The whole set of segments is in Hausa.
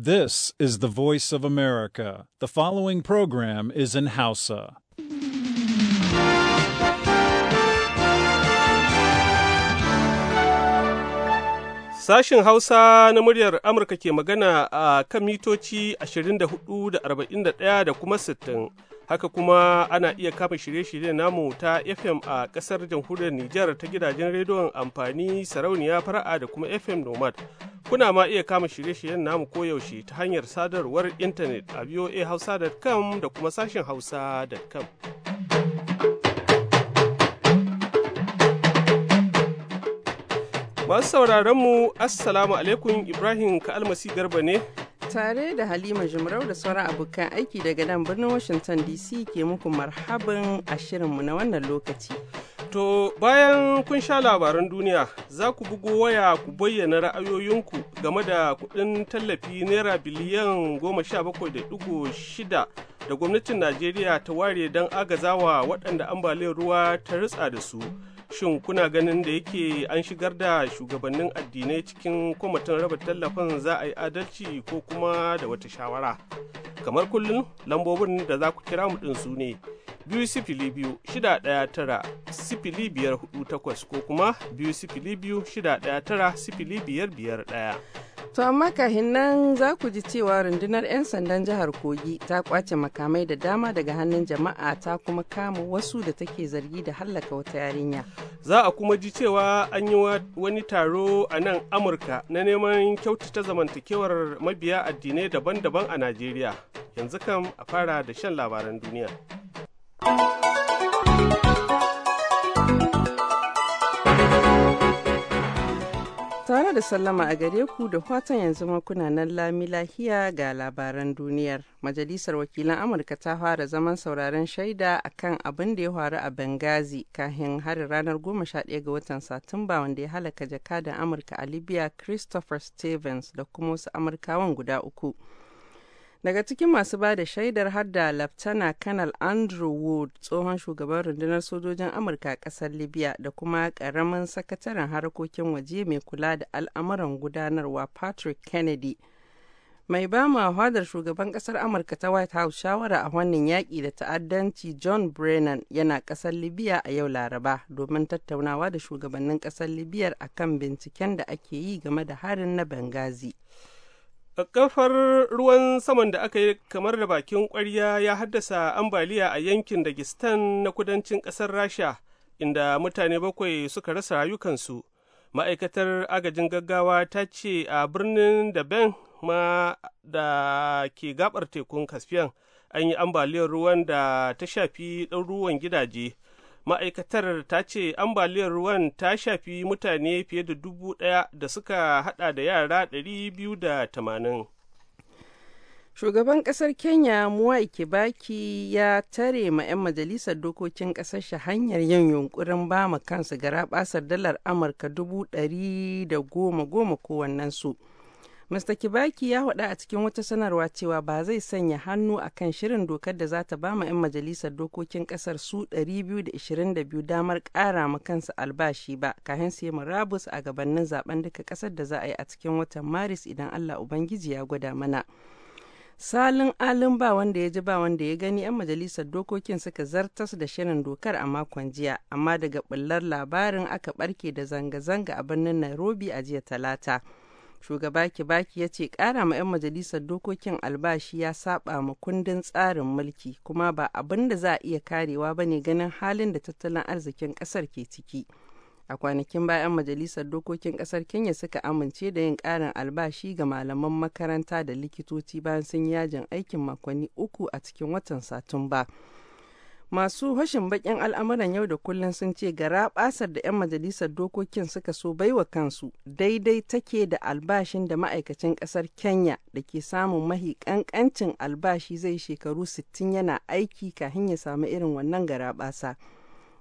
This is the voice of America. The following program is in Hausa. Sashen Hausa na muryar Amurka ke magana a kan mitoci 24 da 41 da kuma 60. haka kuma ana iya kama shirye-shiryen namu ta fm a kasar jamhuriyar nijar ta gidajen rediyon amfani sarauniya fara'a da kuma fm nomad kuna ma iya kama shirye-shiryen namu koyaushe ta hanyar sadarwar intanet a voahausa.com da kuma sashen hausa.com masu sauraronmu mu assalamu alaikum ibrahim ka almasi garba ne tare da Halima Jumrau da sauran abokan aiki daga nan birnin Washington DC ke muku marhaban a shirinmu na wannan lokaci. To bayan kun sha labaran duniya za ku bugo waya ku bayyana ra'ayoyinku game da kuɗin tallafi naira biliyan goma sha bakwai da ɗigo shida da gwamnatin Najeriya ta ware don agazawa waɗanda ambaliyar ruwa ta ritsa da su. shin kuna ganin da yake an shigar da shugabannin addinai cikin kwamitin raba tallafin za a yi adalci ko kuma da wata shawara kamar kullum lambobin da za ku kira mu ɗin su ne biyu sifili biyu shida ɗaya tara sifili biyar hudu takwas ko kuma biyu sifili biyu shida ɗaya tara sifili biyar biyar ɗaya To amma kahin nan za ku ji cewa rundunar 'yan sandan jihar Kogi ta kwace makamai da dama daga hannun jama'a ta kuma kama wasu da take zargi da hallaka wata yarinya. Za a kuma ji cewa an yi wani taro a nan Amurka na neman kyautata zamantakewar mabiya addinai daban-daban a Najeriya. Yanzu kam a fara da shan labaran duniya. da sallama a gare ku da fatan yanzu makuna nan lami lahiya ga labaran duniyar. Majalisar wakilan Amurka ta fara zaman sauraron shaida a kan abin da ya faru a Benghazi kafin harin ranar 11 ga watan Satumba wanda ya halaka jakadan Amurka a Libya Christopher Stevens da kuma wasu Amurkawan guda uku. daga cikin masu ba da shaidar hadda laftana kanal andrew wood tsohon shugaban rundunar sojojin amurka a kasar libya da kuma karamin sakataren harkokin waje mai kula da al'amuran gudanarwa patrick kennedy mai ba hadar shugaban kasar amurka ta white house shawara a wannan yaƙi da ta'addanci john brennan yana kasar libya a yau laraba domin tattaunawa da shugabannin kasar libyar akan binciken da ake yi game da harin na bengazi. Ƙaƙƙafar ruwan saman da aka yi kamar da bakin ƙwarya ya haddasa ambaliya a yankin Dagistan na kudancin ƙasar Rasha, inda mutane bakwai suka rasa rayukansu. Ma'aikatar agajin gaggawa ta ce a birnin da Ben ma da ke gabar tekun Caspian an yi ambaliyar ruwan da ta shafi ɗaruruwan gidaje. ma'aikatar ta ce ambaliyar ruwan ta shafi mutane fiye da dubu ɗaya da suka hada da yara biyu da tamanin shugaban ƙasar kenya muwai kibaki ya tare ma 'yan majalisar dokokin kasar shi hanyar yin yunkurin ba kansu gara basar dalar amurka dubu ɗari da goma goma kowannensu Mr. Kibaki ya haɗa a cikin wata sanarwa cewa ba zai sanya hannu a kan shirin dokar da za ta ba ma 'yan majalisar dokokin ƙasar su 222 damar ƙara ma kansu albashi ba kafin su yi murabus a gabanin zaben duka ƙasar da za a yi a cikin watan Maris idan Allah Ubangiji ya gwada mana. salin alin ba wanda ya ji ba wanda ya gani 'yan majalisar dokokin suka zartas da shirin dokar a makon jiya amma daga bullar labarin aka ɓarke da zanga-zanga a birnin nairobi a jiya talata shugaba ki kibaki ya ce kara ma 'yan majalisar dokokin albashi ya saba ma kundin tsarin mulki kuma ba abin da za a iya karewa ba ne ganin halin da tattalin arzikin kasar ke ciki a kwanakin bayan majalisar dokokin kasar kenya suka amince da yin karin albashi ga malaman makaranta da likitoci bayan sun yi yajin aikin makonni uku a cikin watan satumba. masu hashin bakin al'amuran yau da kullum sun ce gara basar da 'yan majalisar dokokin suka so baiwa kansu daidai take da albashin da ma'aikacin kasar kenya da ke samun mahi kankancin albashi zai shekaru 60 yana aiki kahin ya samu irin wannan gara basa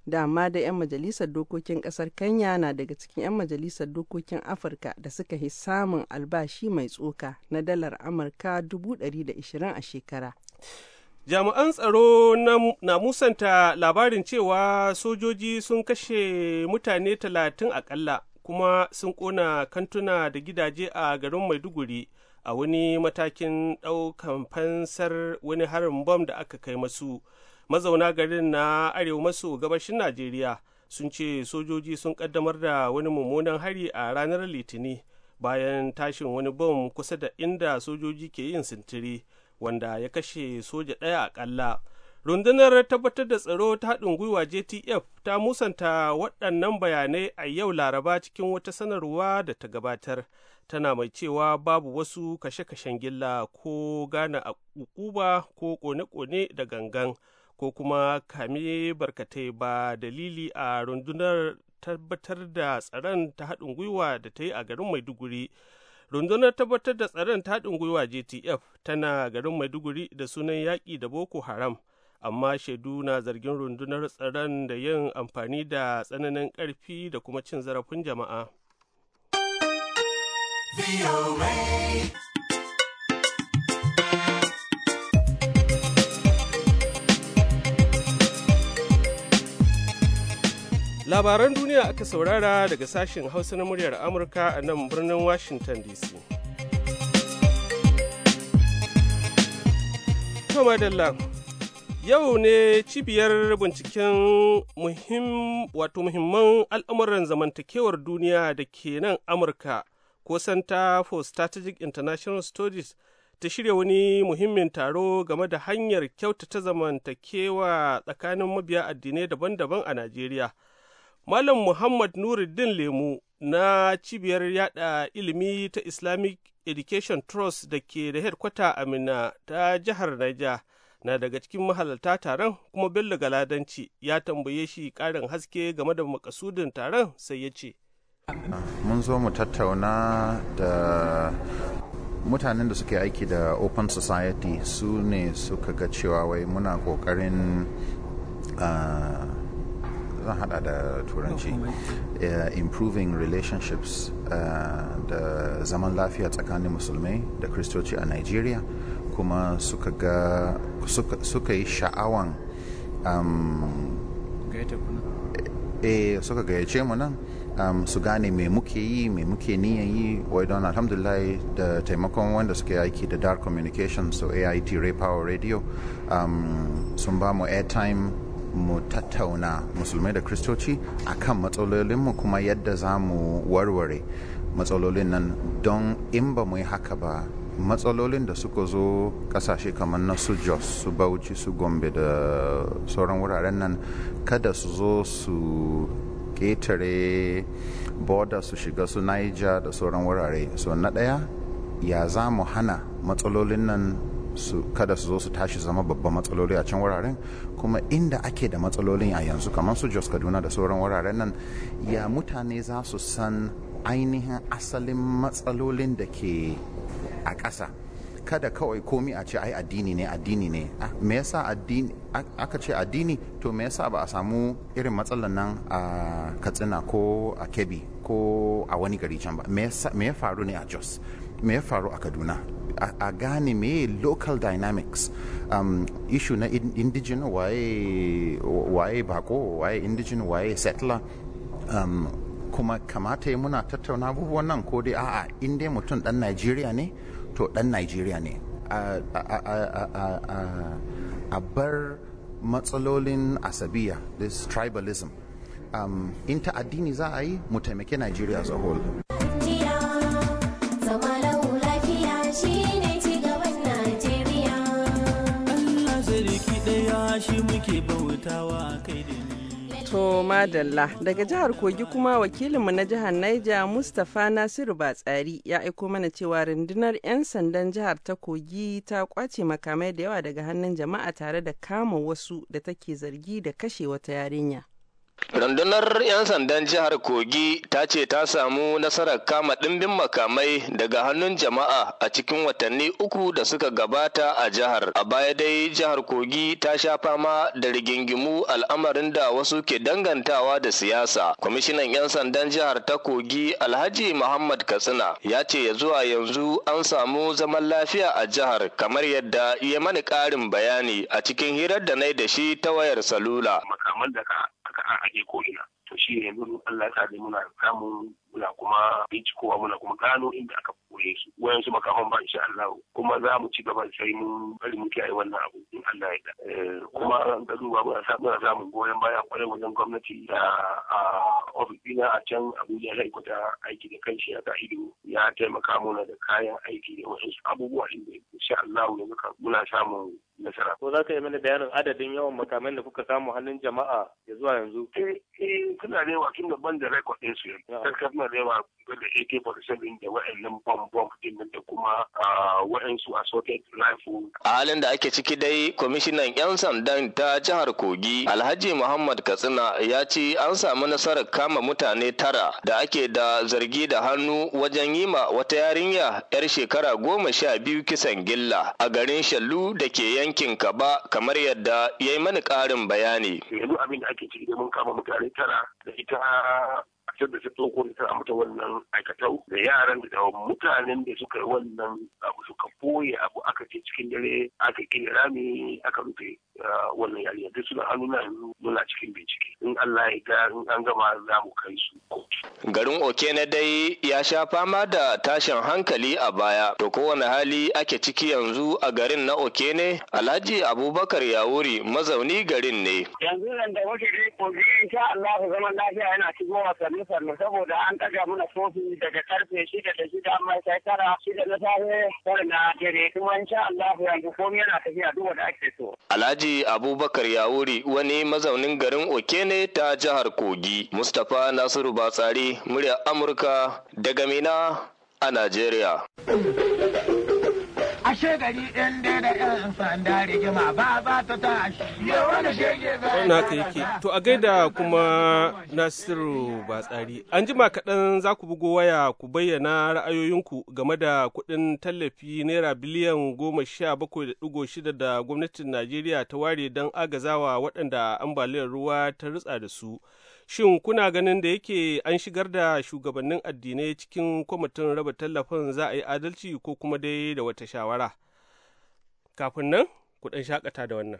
dama da 'yan majalisar dokokin kasar kenya na daga cikin 'yan majalisar dokokin afirka da suka hi samun albashi mai tsoka na dalar amurka 120 a shekara jami'an tsaro na musanta labarin cewa sojoji sun kashe mutane talatin akalla kuma sun kona kantuna da gidaje a garin maiduguri a wani matakin ɗaukan fansar wani harin bom da aka kai masu mazauna garin na arewa maso gabashin najeriya sun ce sojoji sun kaddamar da wani mummunan hari a ranar litini bayan tashin wani bom kusa da inda sojoji ke yin sintiri wanda ya kashe soja ɗaya akalla. Rundunar tabbatar da tsaro ta haɗin gwiwa JTF ta musanta waɗannan bayanai a yau Laraba cikin wata sanarwa da ta gabatar. Tana mai cewa babu wasu kashe-kashen gilla ko gane a ko ƙone kone da gangan ko kuma kame barkatai ba dalili a rundunar tabbatar da tsaron ta haɗin gwiwa da ta yi a garin Maiduguri rundunar tabbatar da tsaron taɗin gwiwa gtf tana garin maiduguri da sunan yaƙi da boko haram amma shaidu na zargin rundunar tsaron da yin amfani da tsananin ƙarfi da kuma cin zarafin jama'a. labaran duniya aka saurara daga sashen hausa na muryar amurka a nan birnin washington dc yau ne cibiyar binciken wato muhimman al'amuran zamantakewar duniya da ke nan amurka ko santa for strategic international studies ta shirya wani muhimmin taro game da hanyar kyautata zamantakewa tsakanin mabiya addinai daban-daban a najeriya Malam Muhammad Nuruddin Lemu na cibiyar yada ilimi ta Islamic Education Trust da ke da headkwata Amina ta jihar Naija na daga cikin mahalarta taron kuma Bello Galadanci ya tambaye shi karin haske game da makasudin taron sai ya ce. Mun zo mu tattauna da mutanen da suke aiki da Open Society su ne suka ga cewa wai muna ƙoƙarin ah, zan hada da turanci eh, improving relationships eh, da zaman lafiya tsakanin musulmai da kristoci a nigeria kuma suka ga suka yi sha'awan eh, suka gayyace mu nan um, su gane me muke yi me muke niyan yi wai don alhamdulillah da taimakon wanda suke aiki da dark communication so ait ray power radio um, sun ba mu airtime mu tattauna musulmai da kristoci akan matsalolinmu kuma yadda za mu warware matsalolin nan don in ba mu yi haka ba matsalolin da suka zo kasashe kamar na su jos su bauchi su gombe da sauran wuraren nan kada su zo su ƙetare border su shiga su niger da sauran wurare so na ɗaya ya za mu hana matsalolin nan kada su zo su tashi zama babban matsaloli a can wuraren kuma inda ake da matsalolin a yanzu kamar su jos kaduna da sauran wuraren nan ya mutane za su san ainihin asalin matsalolin da ke a ƙasa kada kawai komi a ce ai addini ne addini ne ah, me yasa addini aka ce addini to me yasa ba a samu irin matsalan nan a katsina ko a kebi ko a wani gari can ba me ya faru ne a jos me ya faru a kaduna a gane me local dynamics um, issue na indigenous waye waye bako waye indigenous waye settler um, kuma kamata yi muna tattauna abubuwan nan ko dai a'a in dai mutum dan najeriya ne to dan najeriya ne a bar matsalolin asabiya this tribalism um, in ta addini za a yi mu taimake najeriya as a whole nake bautawa kai da ni to madalla daga jihar kogi kuma wakilinmu na jihar naija mustapha nasiru batsari ya aiko mana cewa rundunar 'yan sandan jihar ta kogi ta kwace makamai da yawa daga hannun jama'a tare da kama wasu da take zargi da kashe wata yarinya Rundunar 'yan sandan jihar Kogi ta ce ta samu nasarar kama ɗimbin makamai daga hannun jama'a a cikin watanni uku da suka gabata a jihar. A baya dai jihar Kogi ta sha fama da rigingimu al'amarin da wasu ke dangantawa da siyasa. Kwamishinan 'yan sandan jihar ta Kogi Alhaji Muhammad Katsina ya ce ya zuwa yanzu an samu zaman lafiya a jihar kamar yadda ya mani ƙarin bayani a cikin hirar da na da shi ta wayar salula. haka an ake ko ina to shi ne yanzu Allah ya sa muna samun muna kuma bincikowa muna kuma gano inda aka koye su wayan su makaman ba insha Allah kuma za mu ci gaba sai mun bari mu kiyaye wannan abu in Allah ya da eh, kuma ga duba muna muna samun goyon baya kwarai wajen gwamnati da a ofis dina a can Abuja ya kuta aiki da kanshi ya ga ido ya taimaka mana da kayan aiki da wasu abubuwa inda insha Allah yanzu muna samun nasara. Ko za ka yi mana bayanin adadin yawan makaman da kuka samu hannun jama'a ya zuwa yanzu? Eh, eh, suna da yawa tun da ban da rekod ɗin su yanzu. Sarkar suna da yawa da AK-47 da wa'annan bom-bom ɗin da kuma wa'ansu assorted rifle. A halin da ake ciki dai, kwamishinan 'yan sandan ta jihar Kogi, Alhaji Muhammad Katsina ya ce an samu nasarar kama mutane tara da ake da zargi da hannu wajen yi ma wata yarinya 'yar shekara goma sha biyu kisan gilla a garin Shallu da ke yan bankinka ba kamar yadda ya yi mani ƙarin bayani. Yanzu abin da ake ciki da mun kama mutane tara da ita a cikin da ta ko ta mutu wannan aikatau da yaran da mutanen da suka yi wannan abu suka boye abu aka ce cikin dare aka kira rami aka rufe wannan yarinya duk suna yanzu muna cikin bincike in Allah ya ga in an gama za mu kai su Garin Oke na dai ya sha fama da tashin hankali a baya to kowane hali ake ciki yanzu a garin na Oke ne Alhaji Abubakar Yawuri mazauni garin ne. Yanzu nan da wuce dai kogi insha Allah zaman lafiya yana cikin wasanni sannu saboda an ɗaga mana sofi daga karfe shida da shida amma sai tara shida na safe tara na dare kuma insha Allah yanzu komai yana tafiya duk wanda ake so. Alhaji Alhaji Abubakar Yawuri wani mazaunin garin Okene ta jihar Kogi. Mustapha Nasiru Batsari, murya Amurka daga Mina a Najeriya. Ashe gari ɗin dai da rigima ba ta Ya wani shege To a gaida kuma Nasiru Batsari. An jima kaɗan za ku bugo waya ku bayyana ra'ayoyinku game da kuɗin tallafi naira biliyan goma sha bakwai da ɗigo shida da gwamnatin Najeriya ta ware don agazawa waɗanda ambaliyar ruwa ta rutsa da su. Shin kuna ganin da yake an shigar da shugabannin addinai cikin kwamitin raba tallafin za a yi adalci ko kuma dai da wata shawara? Kafin nan, ku ɗan shakata da wannan.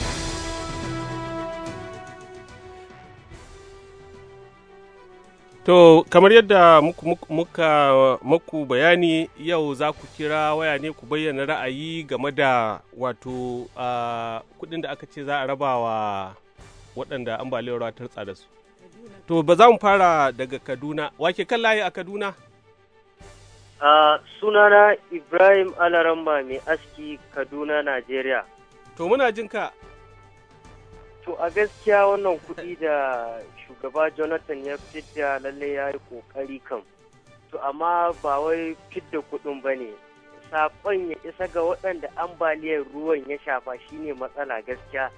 To kamar yadda muka muku bayani yau za ku kira waya ne ku bayyana ra'ayi game da wato kudin da aka ce za a raba wa waɗanda ambaliyar ruwa ta tsada su. To ba za mu fara daga Kaduna, wake kan layi a Kaduna? sunana Ibrahim Alaramba mai aski Kaduna, Najeriya. To muna jinka. ka. to a gaskiya wannan kuɗi da shugaba jonathan ya fidda lalle ya yi ƙoƙari kan to amma ba wai fidda kuɗin ba ne saƙon ya isa ga waɗanda ambaliyar ruwan ya shafa shine matsala gaskiya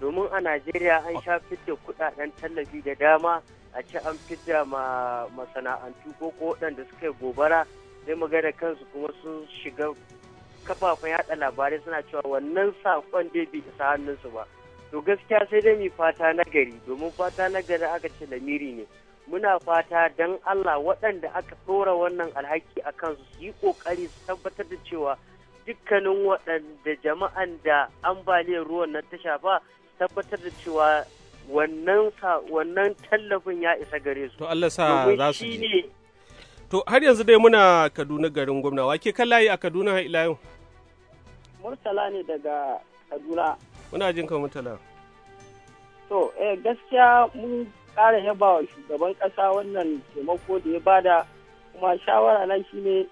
domin a najeriya an sha fidda kuɗaɗen tallafi da dama a ci an fidda ma masana'antu ko ko waɗanda suka yi gobara sai maga da kansu kuma sun shiga kafafen yaɗa labarai suna cewa wannan saƙon dai bai isa hannunsu ba to gaskiya sai dai mu fata na gari domin fata na gari aka ce lamiri ne muna fata don Allah waɗanda aka ɗora wannan alhaki a kansu su yi ƙoƙari su tabbatar da cewa dukkanin waɗanda jama'an da ambaliyar ruwan nan ta shafa tabbatar da cewa wannan tallafin ya isa gare su. To Allah sa za su ji. To har yanzu dai muna Kaduna garin gwamna wake kan layi a Kaduna Ha'ila ila yau. Murtala ne daga Kaduna. muna jin kan mutala to eh gaskiya mun kara yaba wa shugaban ƙasa wannan taimako da ya bada kuma shawara na shine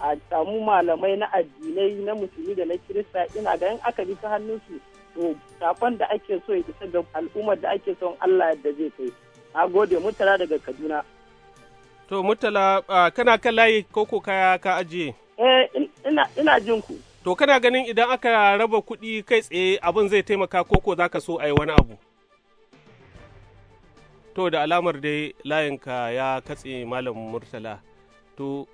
a samu malamai na addinai na musulmi da na kirista ina ga yin aka bi ta hannunsu to safan da ake so ya isa ga al'ummar da ake son Allah yadda zai kai na gode mutala daga Kaduna to mutala kana kan layi ko ko kaya ka ajiye eh ina ina jin ku To kana ganin idan aka raba kuɗi kai tsaye abin zai taimaka koko za ka so a yi wani abu. To da alamar dai layinka ya katse Malam Murtala. To,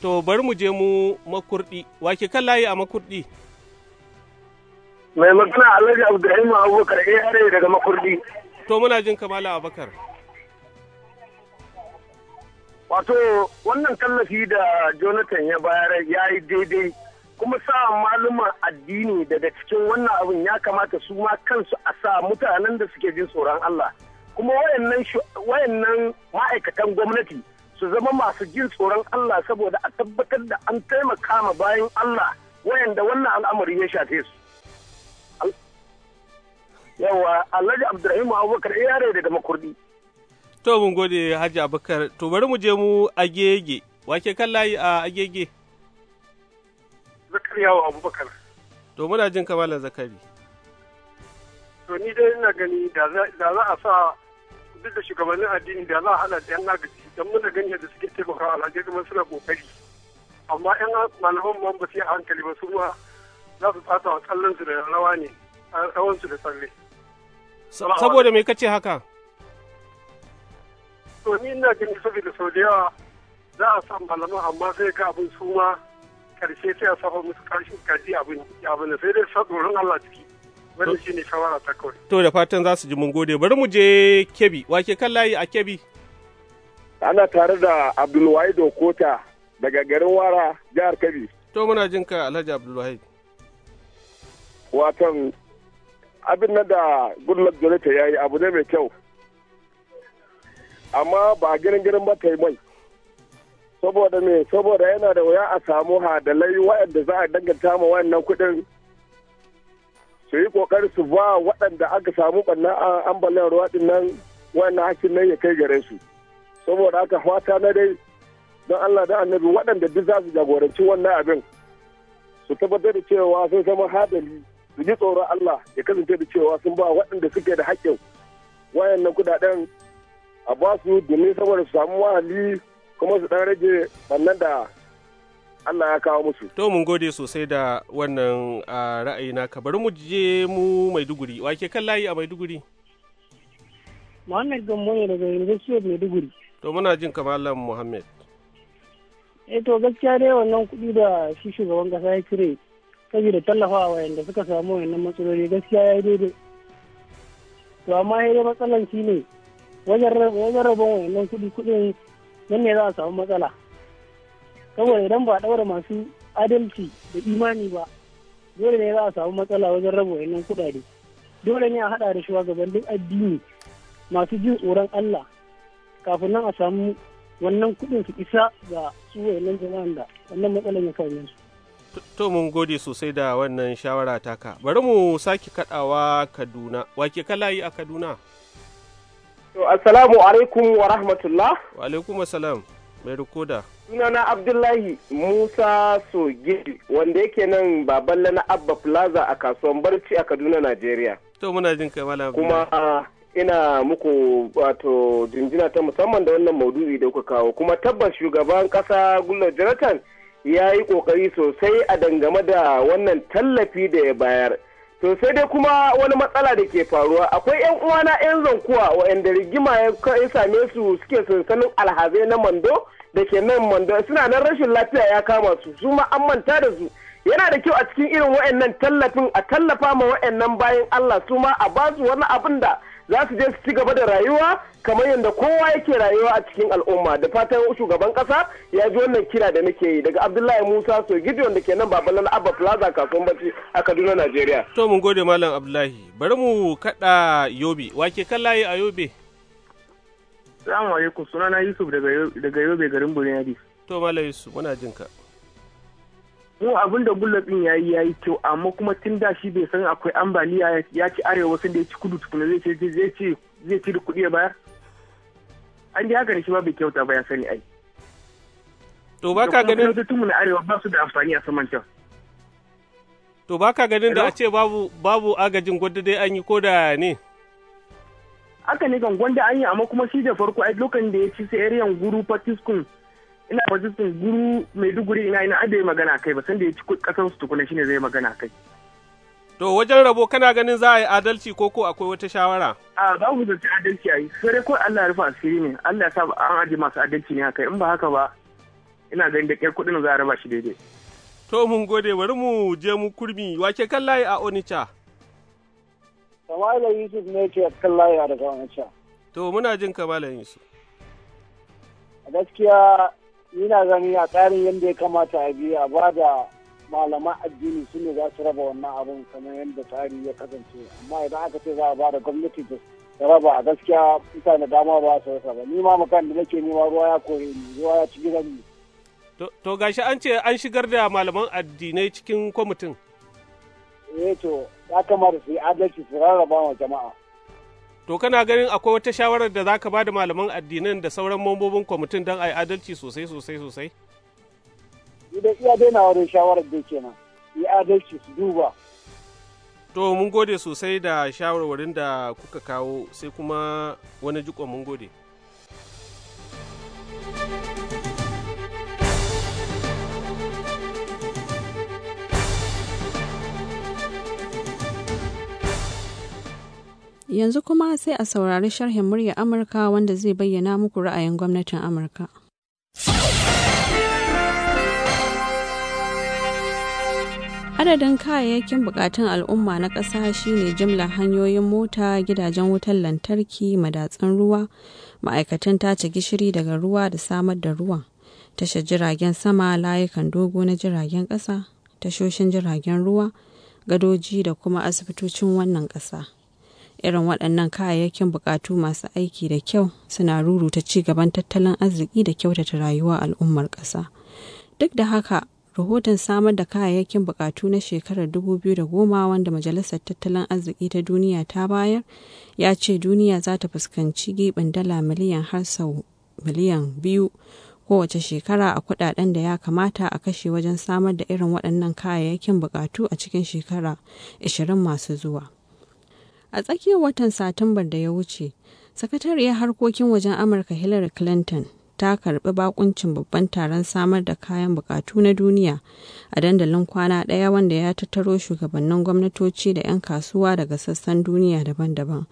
to bari mu je mu makurdi, wake kan layi a makurdi? Mai magana Alhaji Abdullahi Abubakar ARA daga makurdi. To muna jin kamala Abubakar. Wato wannan tallafi da Jonathan ya bayar ya yi daidai kuma sa malaman addini daga cikin wannan abin ya kamata su ma kansu a sa mutanen da suke jin tsoron Allah kuma wayannan ma'aikatan gwamnati su zama masu jin tsoron Allah saboda a tabbatar da an taimaka ma bayan Allah wayanda wannan al'amari ya shafe su yawa Alhaji Abdulrahim Abubakar eh, yare daga makurdi to mun gode Haji Abubakar to bari mu je mu gege wake kan layi a gege zakariya wa abubakar to muna jin kamala zakari to ni dai ina gani da za a sa duk da shugabannin addini da za a hana da yan agaji don muna gani yadda suke taimakawa alhaji kuma suna kokari amma yan malaman ba su yi hankali ba su ma za su fata wa kallon su da rawa ne rawan su da tsalle saboda me kace haka to ni ina gani saboda sau da yawa za a sa malaman amma sai ka abin su karshe sai a safa musu karshen kaji abin abin sai dai sa tsoron Allah ciki wannan ne shawara ta kawai to da fatan za su ji mun gode bari mu je kebi wake kan layi a kebi. ana tare da Abdulwahid Okota daga garin Wara jihar Kebbi to muna jin ka Alhaji Abdulwahid watan abin nan da Goodluck Jonathan yi abu ne mai kyau amma ba ganin ganin ba ta yi mai saboda me saboda yana da wuya a samu hadalai waɗanda za a danganta ma wannan kuɗin su yi kokari su ba waɗanda aka samu ɓanna a ambaliyar ruwa ɗin nan wannan hakin nan ya kai gare su saboda aka fata na dai don Allah da annabi waɗanda duk za su jagoranci wannan abin su tabbatar da cewa sun zama hadali su ji tsoron Allah ya kasance da cewa sun ba waɗanda suke da haƙƙin wayannan kuɗaɗen a ba su domin saboda su samu wahali kuma su ɗan rage wannan da Allah ya kawo musu. To mun gode sosai da wannan ra'ayi na bari mu je mu Maiduguri wake kan layi a Maiduguri. Muhammad Gambo ne daga University of Maiduguri. To muna jin kamalan Muhammad. Eh to gaskiya dai wannan kuɗi da shi shugaban kasa ya cire saboda tallafawa wayanda suka samu wayannan matsaloli gaskiya ya yi daidai. To amma ya matsalan shi ne wajen rabon wayannan kuɗi kuɗin nan ne za a samu matsala saboda idan ba a ɗaura masu adalci da imani ba dole ne za a samu matsala wajen raba wayannan kuɗaɗe dole ne a haɗa da duk addini masu jin tsoron Allah kafin nan a samu wannan kuɗin su isa ga su wayannan jama'an da wannan matsalan ya kawo su to mun gode sosai da wannan shawara taka bari mu sake kaɗawa Kaduna wake kala yi a Kaduna To, assalamu alaikum wa rahmatullah. Wa alaikum assalam, mai rikoda. Sunana Abdullahi Musa Soge. wanda yake nan baballa na Abba Plaza a kasuwan Barci a Kaduna, Najeriya. To, muna jin kai malam. Kuma ah, ina muku wato jinjina ta musamman da wannan maudu'i da kuka kawo kuma tabbas shugaban kasa gullo jonathan ya yi kokari sosai a dangame da wannan tallafi da ya bayar to sai dai kuma wani matsala da ke faruwa akwai yan uwana yan zankuwa waɗanda rigima ya same su suke sansanin alhazai na mando da ke nan mando suna nan rashin lafiya ya kama su su ma an manta da su yana da kyau a cikin irin waɗannan tallafin a tallafa ma waɗannan bayan Allah su ma a basu wani abin da za su je su ci gaba da rayuwa kamar yadda kowa yake rayuwa a cikin al'umma da fatan shugaban kasa ya ji wannan kira da nake yi daga abdullahi musa sogidi wanda ke nan babalan abba plaza kasuwan bacci a kaduna najeriya to mun gode malam abdullahi bari mu kada yobe wake kallaye a yobe salamu alaikum sunana yusuf daga yobe garin burinadi to malam yusuf muna jinka mu abin da ya yi ya yi kyau amma kuma tun da shi bai san akwai ambaliya ya ci arewa sun da ya ci kudu tukuna zai ce zai ce zai ci kuɗi ya bayar an ji haka da shi ba bai kyauta ba ya sani ai to ba ka ganin da tumu na arewa ba su da amfani a saman can to ba ka ganin da a ce babu babu agajin gwada dai an yi ko da ne haka ne kan gwanda an yi amma kuma shi da farko ai lokacin da ya ci sai area guru patiskun ina majalisun guru maiduguri ina ina adai magana kai ba sanda ya ci kasar su tukuna shine zai magana kai to wajen rabo kana ganin za a yi adalci ko ko akwai wata shawara a ba mu adalci a yi sai ko Allah ya rufa asiri ne Allah ya sa an aje masu adalci ne haka in ba haka ba ina ganin da kyar kuɗin za a raba shi daidai to mun gode bari mu je mu kurmi wake kan layi a Onitsha Kamala Yusuf ne ke kan layi a daga Onitsha to muna jin Kamala Yusuf gaskiya ina gani a tsarin yadda ya kamata a biya ba da malaman addini su ne za su raba wannan abin kamar yadda tsari ya kasance amma idan aka ce za a ba da gwamnati ta raba a gaskiya mutane dama ba su rasa ba ni ma makan da nake nema ruwa ya kore ni ruwa ya ci gidan ni. to gashi an ce an shigar da malaman addinai cikin kwamitin. eh to ya kamata su yi adalci su rarraba wa jama'a. To kana ganin akwai wata shawarar da za ka ba da malaman addinan da sauran mambobin kwamitin don a yi adalci sosai sosai sosai? Idan iya daina wurin shawarar da kenan, yi adalci su duba. To mun gode sosai da shawarwarin da kuka kawo sai kuma wani jikon mun gode. Yanzu kuma sai a saurari sharhin murya Amurka wanda zai bayyana muku ra'ayin gwamnatin Amurka. Adadin kayayyakin bukatun al'umma na ƙasa shine jimla hanyoyin mota, gidajen wutar lantarki, madatsun ruwa, ma'aikatan tace gishiri daga ruwa da samar da ruwan, tashe jiragen sama layukan dogo na jiragen ƙasa, tashoshin jiragen ruwa, gadoji da kuma asibitocin wannan ƙasa. irin waɗannan kayayyakin buƙatu masu aiki da kyau suna ruruta ci gaban tattalin arziki da kyautata rayuwa al'ummar ƙasa duk da haka rahoton samar da kayayyakin buƙatu na shekarar 2010 wanda majalisar tattalin arziki ta duniya ta bayar ya ce duniya za ta fuskanci gibin dala miliyan har sau miliyan biyu kowace shekara a kudaden da ya kamata a kashe wajen samar da irin waɗannan kayayyakin buƙatu a cikin shekara 20 masu zuwa. A tsakiyar watan Satumbar da ya wuce, Sakatariyar Harkokin Wajen Amurka Hillary Clinton ta karbi bakuncin babban taron samar da kayan bukatu na duniya a dandalin kwana ɗaya wanda ya tattaro shugabannin gwamnatoci da 'yan kasuwa daga sassan duniya daban-daban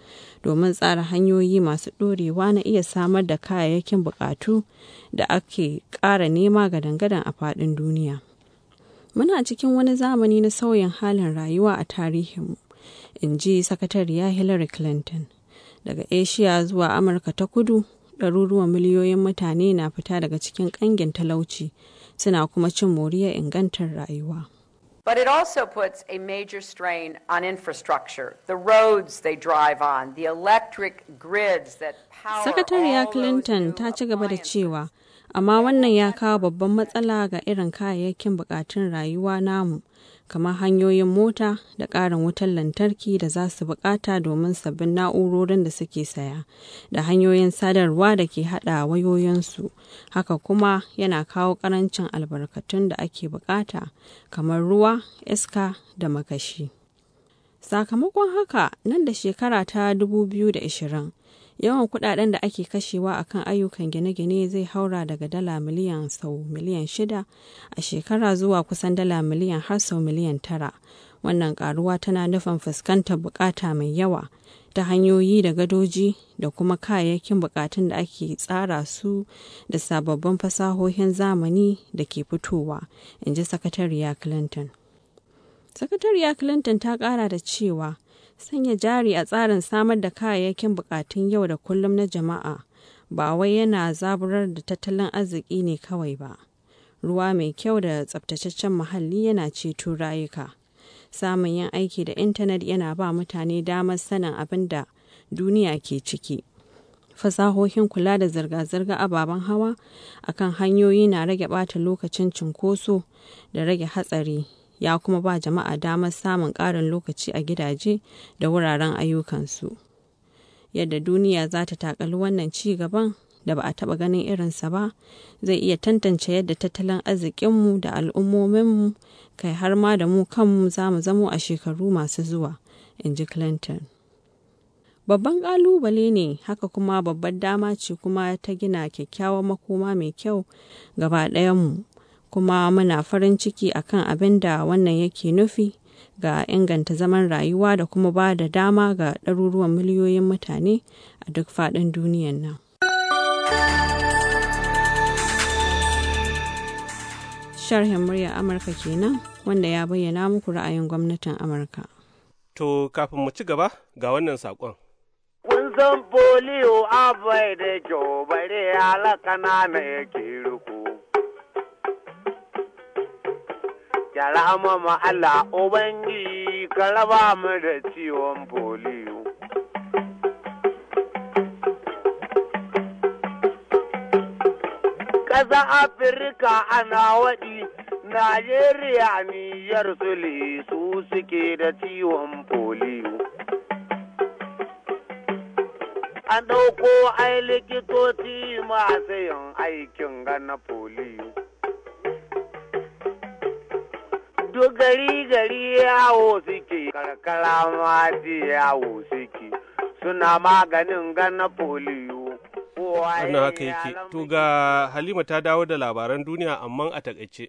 domin tsara hanyoyi masu ɗorewa na iya samar da kayayyakin bukatu da ake ƙara nema ga dangadan a faɗin duniya. Muna cikin wani zamani na sauyin halin rayuwa a tarihinmu. in ji sakatariya hillary clinton daga asia zuwa amurka ta kudu ɗaruruwan miliyoyin mutane na fita daga cikin ƙangin talauci suna kuma cin moriyar ingantar rayuwa But it also puts a major strain on infrastructure, the roads they drive on, the electric grids that power Sakatariya Clinton ta ci gaba da cewa, amma wannan ya kawo babban matsala ga irin kayayyakin bukatun rayuwa namu kamar hanyoyin mota da ƙarin wutar lantarki da za su buƙata domin sabbin na'urorin da suke saya da hanyoyin sadarwa da ke haɗa wayoyinsu haka kuma yana kawo ƙarancin albarkatun da ake buƙata kamar ruwa iska da makashi sakamakon haka nan da shekara ta 2020 Yawan kudaden da ake kashewa akan ayyukan gine-gine zai haura daga dala miliyan sau miliyan shida a shekara zuwa kusan dala miliyan har sau miliyan tara. Wannan karuwa tana nufin fuskantar bukata mai yawa ta hanyoyi da gadoji da kuma kayayyakin bukatun da ake tsara su da sababbin fasahohin zamani da ke fitowa, in ji Sakatariya Clinton. Sakatariya Clinton ta kara da cewa Sanya jari a tsarin samar da kayayyakin bukatun yau da kullum na jama'a ba wai yana zaburar da tattalin arziki ne kawai ba. Ruwa mai kyau da tsabtataccen muhalli yana ceto rayuka. Samun yin aiki da intanet yana ba mutane damar sanin abin da duniya ke ciki. fasahohin kula da zirga-zirga ababen hawa akan hanyoyi na rage ɓata lokacin cunkoso da rage hatsari ya kuma ba jama'a damar samun ƙarin lokaci a gidaje da wuraren ayyukansu. Yadda duniya za ta takali wannan ci gaban da ba a taɓa ganin irinsa ba zai iya tantance yadda tattalin arzikinmu da al'ummominmu kai har ma da mu kanmu za mu zamo a shekaru masu zuwa, in ji Clinton. Babban ƙalubale ne haka kuma babbar dama ce kuma ta gina kyakkyawan makoma mai kyau gaba ɗayanmu kuma muna farin ciki a kan abin da wannan yake nufi ga inganta zaman rayuwa da kuma ba da dama ga ɗaruruwan miliyoyin mutane a duk faɗin duniyan nan. Sharhin murya Amurka kenan wanda ya bayyana muku ra'ayin gwamnatin Amurka. To kafin mu ci gaba ga wannan saƙon. Kun san foliyo abai da kyau bare alaka na mai Yarama ma Allah Ubangiji ka raba mu da ciwon foliyo. Ƙasa Afirka ana waɗi, Najeriya niyyar su su suke da ciwon foliyo. An ɗauko ai likitoci masu yin aikin gana foliyo. duk gari gari yawo suke karkara ma yawo suke suna maganin gana polio wannan haka yake to ga halima ta dawo da labaran duniya amma a takaice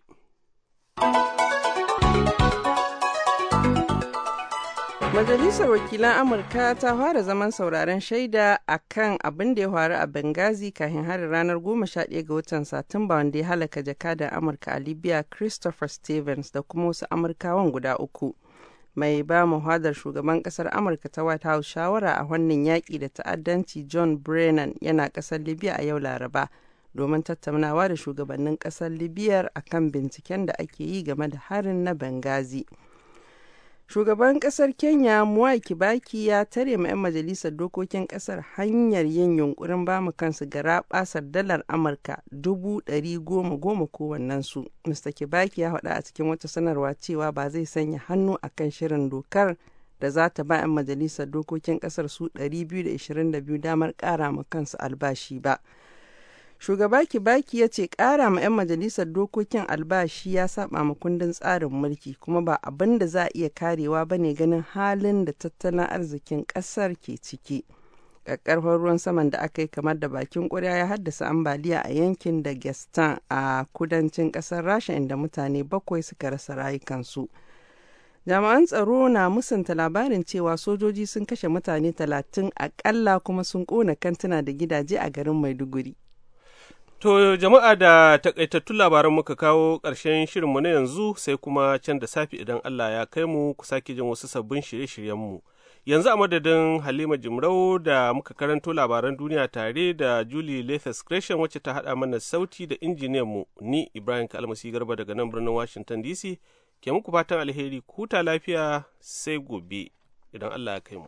Majalisar Wakilan Amurka ta fara zaman sauraron shaida a kan abin da ya faru a Benghazi kafin harin ranar 11 ga watan Satumba wanda ya halaka jakadan Amurka a Libya Christopher Stevens da kuma wasu Amurkawan guda uku. Mai ba muhadar shugaban kasar Amurka ta White House shawara a wannan yaƙi da ta'addanci John Brennan yana ƙasar Libya a yau Laraba domin tattaunawa da shugabannin ƙasar Libya akan binciken da ake yi game da harin na Benghazi. Shugaban kasar Kenya Mwai Kibaki ya tare ma 'yan majalisar dokokin kasar hanyar yin yunkurin bamu kansu gara basar dalar Amurka dubu dari goma goma kowannensu. Mr. Kibaki ya faɗa a cikin wata sanarwa cewa ba zai sanya hannu a kan shirin dokar da za ta ba 'yan majalisar dokokin kasar su 222 damar kara ma kansu albashi ba. Shugaba ki Kibaki ya ce kara ma 'yan majalisar dokokin albashi ya saba ma kundin tsarin mulki kuma ba abin da za a iya karewa ba ne ganin halin da tattalin arzikin kasar ke ciki. Ƙaƙƙarfar ruwan saman da aka yi kamar da bakin ƙuri'a ya haddasa ambaliya a yankin da Gestan a kudancin ƙasar Rasha inda mutane bakwai suka rasa rayukansu. jami'an tsaro na musanta labarin cewa sojoji sun kashe mutane talatin akalla kuma sun kona kantuna da gidaje a garin maiduguri To jama'a da takaitattun labaran muka kawo ƙarshen shirinmu na yanzu sai kuma can da safi idan Allah ya kai mu ku sake jin wasu sabbin shirye-shiryenmu. Yanzu a madadin Halima Jimrau da muka karanto labaran duniya tare da Julie Lefes Gresham wacce ta haɗa mana sauti da injiniyanmu ni Ibrahim Kalmasi Garba daga nan birnin Washington DC ke muku fatan alheri kuta lafiya sai gobe idan Allah ya kai mu.